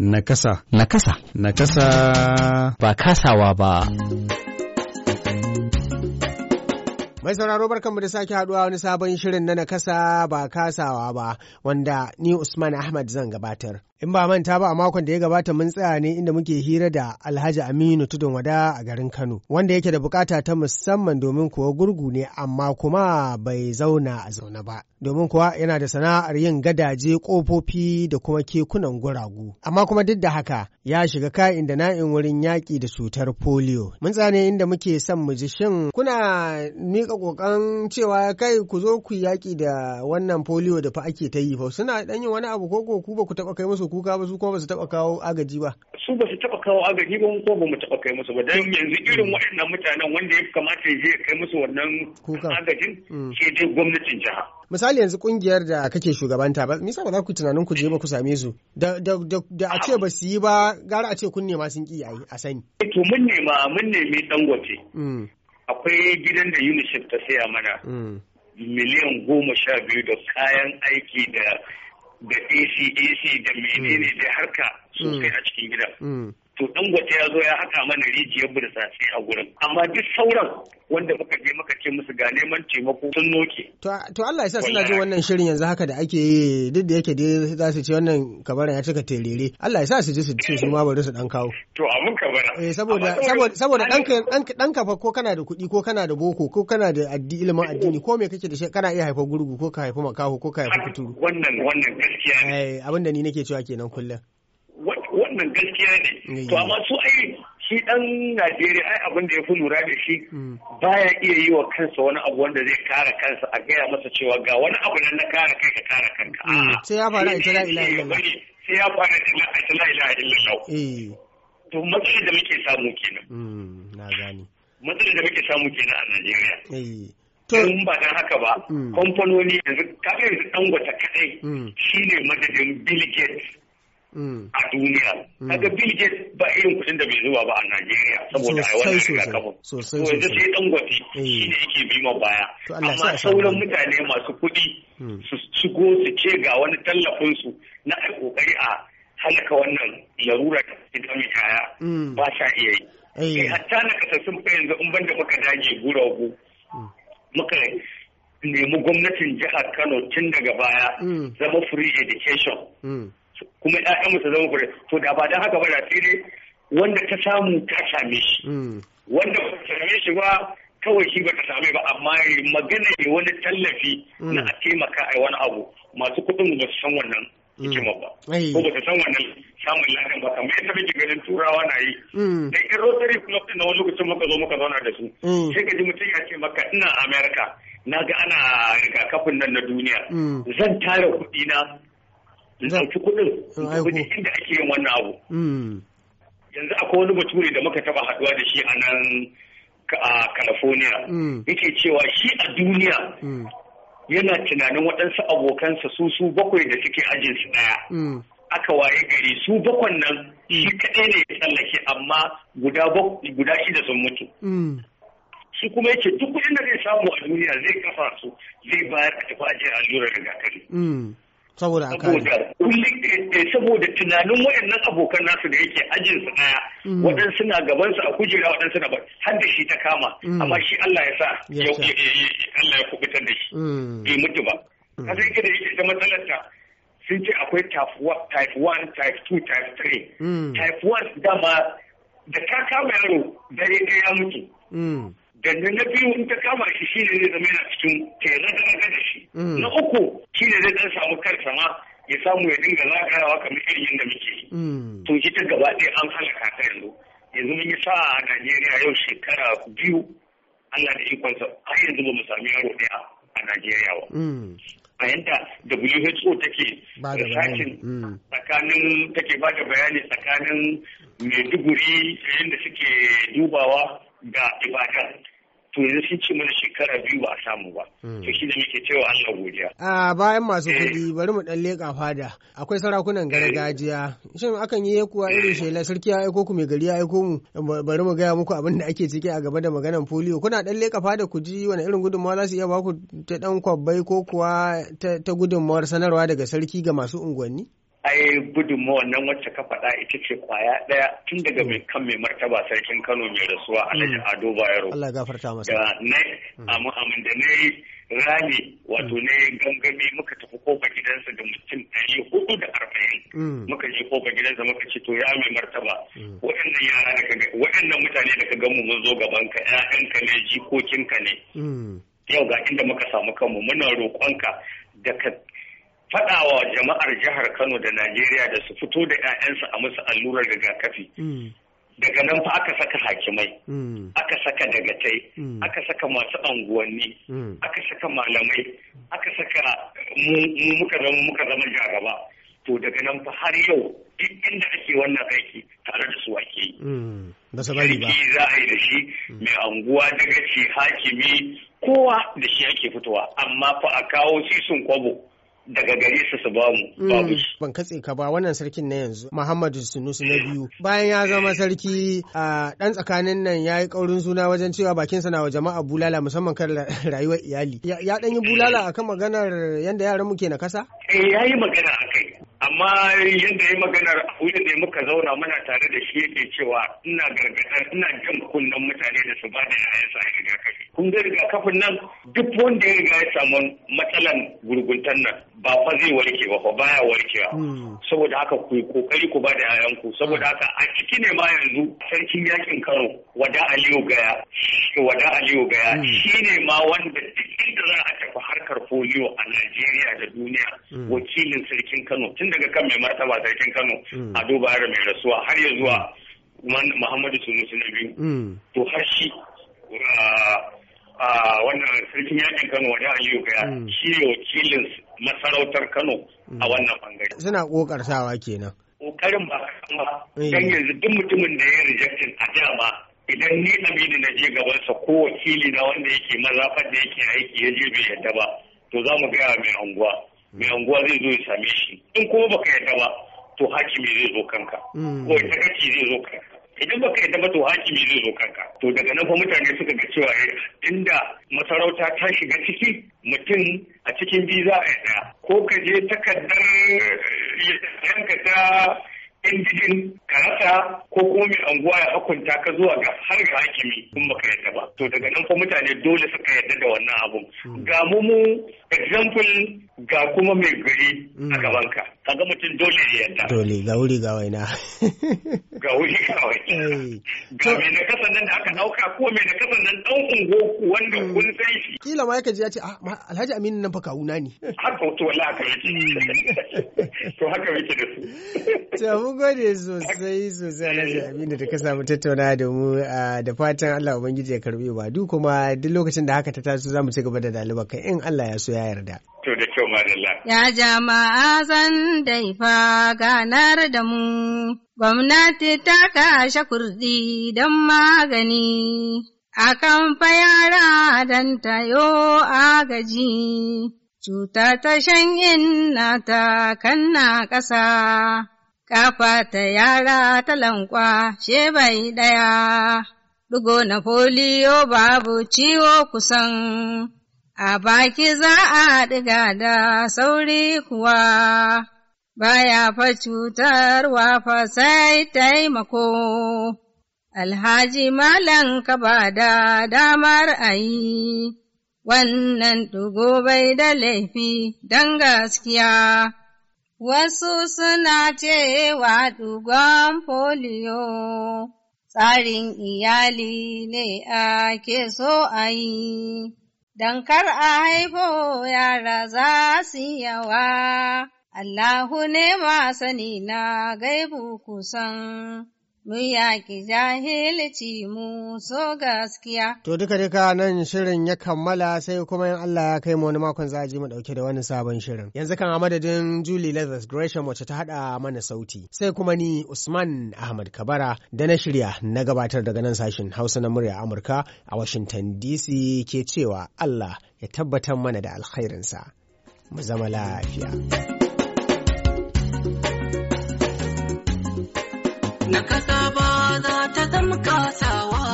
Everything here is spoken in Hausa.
Nakasa. Nakasa. Nakasa. Ba kasawa ba. Mai sauraro barkanmu da sake haduwa wani sabon shirin na nakasa ba kasawa ba wanda ni Usman Ahmad zan gabatar. In ba manta ba a makon da ya gabata mun tsaya ne inda muke hira da Alhaji Aminu Tudun Wada a garin Kano, wanda yake da bukata ta musamman domin kuwa gurgu ne amma kuma bai zauna a zaune ba. Domin kuwa yana da sana'ar yin gadaje, kofofi da kuma kekunan guragu. Amma kuma duk da haka ya shiga ka'in da na'in wurin yaƙi da cutar polio. Mun tsaya ne inda muke son mu ji shin kuna rika kokan cewa kai ku zo ku yaƙi da wannan polio da fa ake ta yi fa suna dan yin wani abu ko ko ku ba ku taba kai musu kuka ba su kuma ba su taba kawo agaji ba su ba su taba kawo agaji ba ko ba mu taba kai musu ba dan yanzu irin mm. waɗannan mutanen wanda ya kamata ya kai musu wannan agajin ke mm. dai gwamnatin jiha misali yanzu kungiyar da kake shugabanta ba misa ba za ku tunanin ku je ba ku same su da a ce ba su yi ba gara a ce kun nema sun ki a sani eh to mun nema mun nemi dangote mm. akwai gidan da unicef ta saya mana hmm. miliyan goma sha biyu da kayan aiki da da ac da menene hmm. da harka sosai hmm. a cikin gidan dangote ya zo ya haka mana rijiyar burtsatse a gurin amma duk sauran wanda muka je muka ce musu ga neman taimako sun noke to Allah ya sa suna jin wannan shirin yanzu haka da ake yi duk da yake dai za su ce wannan kabaran ya cika terere Allah ya sa su ji su ce su ma bari su dan kawo to mun kabara eh saboda saboda dan ka fa ko kana da kuɗi ko kana da boko ko kana da addi ilimin addini ko me kake da shi kana iya haifa gurgu ko ka haifa makaho ko ka haifa kuturu wannan wannan gaskiya ne eh abin da ni nake cewa kenan kullum wannan gaskiya ne to amma su ai shi dan Najeriya ai abin da ya fi lura da shi hmm. baya iya yi wa kansa wani abu wanda zai kara kansa a gaya masa cewa ga wani abu nan na kara kai ka kara kanka hmm. sai ya fara la ilaha illallah sai ya fara ila ila ila to matsalar da muke samu kenan hmm. na gani matsalar da muke samu kenan a Najeriya eh. in ba dan haka ba kamfanoni yanzu kafin yanzu dangwata kadai shine madadin Bill Gates Mm. a duniya mm. kaga Bill Gates ba irin kuɗin da bai zuwa ba a Najeriya saboda a wannan rigakafin sosai yanzu sai dan gwaji. Mm. shi ne yake bi baya amma sauran mutane masu kuɗi su shigo su ce ga wani tallafin su na kokari a halaka wannan larura da mai kaya ba sa iya yi eh. hatta na kasassun fa yanzu in banda muka dage guragu muka nemi gwamnatin jihar Kano tun daga baya zama free education kuma ƴaƴanmu su zama fure to da ba dan haka ba da sai wanda ta samu ta same shi mm. wanda ba ta same shi ba kawai shi ba ta same ba amma magana ne wani tallafi mm. na a taimaka a wani abu masu kuɗin ba su san wannan mm. hikima ba ko ba su san wannan samun ladan ba kamar yadda kake ganin turawa na yi dan in rotary club din na wani lokacin muka zo muka zauna da su sai ka ji mutum ya ce maka ina america na ga ana rigakafin nan na duniya zan tara kuɗi na in ɗauki kuɗin in inda ake yin wannan abu hmm. yanzu akwai wani bature da muka taba haɗuwa da shi a nan a california hmm. yake cewa shi a duniya hmm. yana tunanin waɗansu abokansa su su bakwai da suke ajin su ɗaya aka waye gari su bakwan nan shi kaɗai ne ya tsallake amma guda shida sun mutu shi kuma yace duk kuɗin da zai samu a duniya zai kafa su zai bayar a tafi ajiyar allurar rigakafi saboda saboda eh, saboda tunanin wayannan abokan nasu da yake ajin su daya mm. waɗansu na gaban su a kujera waɗansu na bar har da shi ta kama mm. amma shi Allah ya sa eh, eh, Allah ya kubutar da shi mm. bai mutu ba kasan ita da yake da matsalar ta sun ce akwai type 1 type 2 type 3 type 1 dama da ta kama yaro dare ya mutu Gangan na biyu in ta kama shi shi ne zai zama yana cikin tare da raga da shi. Mm. Na uku shi ne zai dan samu kansa ma ya samu ya dinga zagayawa kamar irin yadda muke yi. Mm. To shi ta gaba ɗaya an halaka ta yanzu. Yanzu mun yi sa'a a Najeriya yau shekara biyu Allah da ikon sa har yanzu ba mu sami yaro ɗaya a Najeriya ba. Mm. a yadda WHO take rasashin eh, tsakanin take ba da bayani tsakanin Maiduguri da suke dubawa ga ibadan to yanzu sun ce mana shekara biyu ba a samu ba hmm. to shi da muke cewa Allah godiya a bayan masu eh. kuɗi bari mu ɗan leƙa fada akwai sarakunan gargajiya shin akan yi yakuwa irin eh. shela sarki ya aiko ku mai gari ya aiko mu bari mu gaya muku abin da ake ciki a gaba da maganan foliyo, kuna ɗan leƙa fada ku ji wani irin gudunmawa za su iya baku ta dan kwabbai ko kuwa ta gudunmawar sanarwa daga sarki ga masu unguwanni ai gudunmawar nan wacce ka faɗa ita ce kwaya ɗaya tun daga mai mm. kan mai martaba sarkin kano mai rasuwa mm. alhaji ado bayero Allah gafarta masa da na amma amin da na yi rali wato mm. na yi gangami muka tafi kofa gidansa da mutum ɗari hudu da arba'in muka je kofa gidansa muka ce to ya mai martaba waɗannan yara da kaga waɗannan mutane da ka ga mu mun zo gaban ka ƴaƴanka ne jikokinka ne yau ga inda muka samu kanmu muna roƙonka da ka faɗawa jama'ar jihar Kano da Najeriya da su fito da 'ya'yansu a musu allurar rigakafi. Mm. Daga nan fa aka saka hakimai, mm. aka saka dagatai, mm. aka saka masu anguwanni, aka saka malamai, aka saka muka zama muka zama jagaba. To daga nan fa har yau duk inda ake wannan aiki tare da su ake yi. Da sabari ba. za a yi da shi mai anguwa daga shi hakimi kowa da shi ake fitowa amma fa a kawo sun kwabo. daga gare su su bamu. Mm. Ban katse ka ba wannan sarkin na yanzu Muhammadu Sunusu na biyu bayan ya zama sarki a dan tsakanin nan yayi kaurin suna wajen cewa bakinsa na wa jama'a bulala musamman kan rayuwar iyali. Ya dan yi bulala akan maganar yanda yaran muke ke na kasa? Eh ya magana akai. amma yadda ya maganar wurin da muka zauna muna tare da shi yake cewa ina gargadar ina jan kunnen mutane da su ba da sa a rigakafi kun ga rigakafin nan duk wanda ya riga ya samu matsalan gurguntan nan ba fa zai warke ba fa baya warkewa hmm. saboda haka ku yi kokari ku ba da ku saboda haka a ciki ne ma yanzu sarkin yakin Kano wada Aliyu Gaya wada Aliyu Gaya hmm. shine ma wanda duk da za a tafi harkar foliyo a Najeriya da duniya hmm. wakilin sarkin Kano tun daga kan mai martaba sarkin Kano hmm. a duba da mai rasuwa har ya zuwa Muhammadu Sunusi na biyu hmm. to har shi uh, uh, wannan sarkin yakin Kano wani Aliyu Kaya hmm. shi ne wakilin masarautar Kano a wannan bangare suna kokarsawa kenan kokarin ba dan yanzu duk mutumin da ya rejectin a ba, idan ni aminu na je gabansa ko wakili na wanda yake mazafar da yake aiki ya je bai yadda ba to za mu gaya mai unguwa. mai unguwa zai zo ya same shi in kuma baka yadda ba to hakimi zai zo kanka mm. ko ita kaci zai zo kanka idan baka yadda ba to hakimi zai zo kanka to daga nan fa mutane suka ga cewa inda eh, masarauta ta shiga ciki mutum a cikin biyu za a yadda. ko ka je takardar eh, yanka ta indijin ko kuma mai anguwa ya hukunta ka zuwa ga har ga hakimi kun baka yadda ba to daga nan fa mutane dole suka yadda da wannan abun mm. ga mu mu example ga kuma mai gari a mm. gabanka ka ga mutum dole ne yadda dole ga wuri ga waina ga wuri ga waina ga mai na kasan nan da aka dauka ko mai na kasan nan dan ungo wanda mm. kun sai shi kila ma yake ji ya ce ah Alhaji Aminu nan fa kawuna ne har ko to wallahi aka yi mm. to haka yake da su to mun gode sosai sosai Alhaji eh. Aminu da ka samu tattauna da mu ah, da fatan Allah ubangiji ya karbe ba duk kuma duk lokacin da haka ta taso zamu ci gaba da dalibar kai in Allah ya so ya yarda to da Ya jama'a zan daifa ganar da mu, gwamnati ta kashe kurdi don magani, akan fa yara don tayo agaji, cuta ta shan ta kanna ƙasa, kafa ta yara ta lankwa bai ɗaya. Dugo na foliyo babu ciwo kusan. a baki za a ɗiga da sauri kuwa, baya fa cutarwa fa sai taimako. Alhaji Malam ka ba da damar a yi, wannan ɗugo bai da laifi don gaskiya. Wasu suna cewa ɗugon foliyo, tsarin iyali ne ake so a yi. don kar a haifo yara za su yawa. Allahu ne ma sani na gaibu kusan. mun yaƙi jahilci mu so gaskiya. To duka duka nan shirin ya kammala sai kuma yin Allah ya kai mu wani makon za mu dauke da wani sabon shirin. Yanzu kan a madadin Julie Leathers Gresham wacce ta haɗa mana sauti. Sai kuma ni Usman Ahmad Kabara da na shirya na gabatar daga nan sashin Hausa na murya Amurka a Washington DC ke cewa Allah ya tabbatar mana da alkhairinsa. Mu zama lafiya. na kasa ba za ta zama kasawa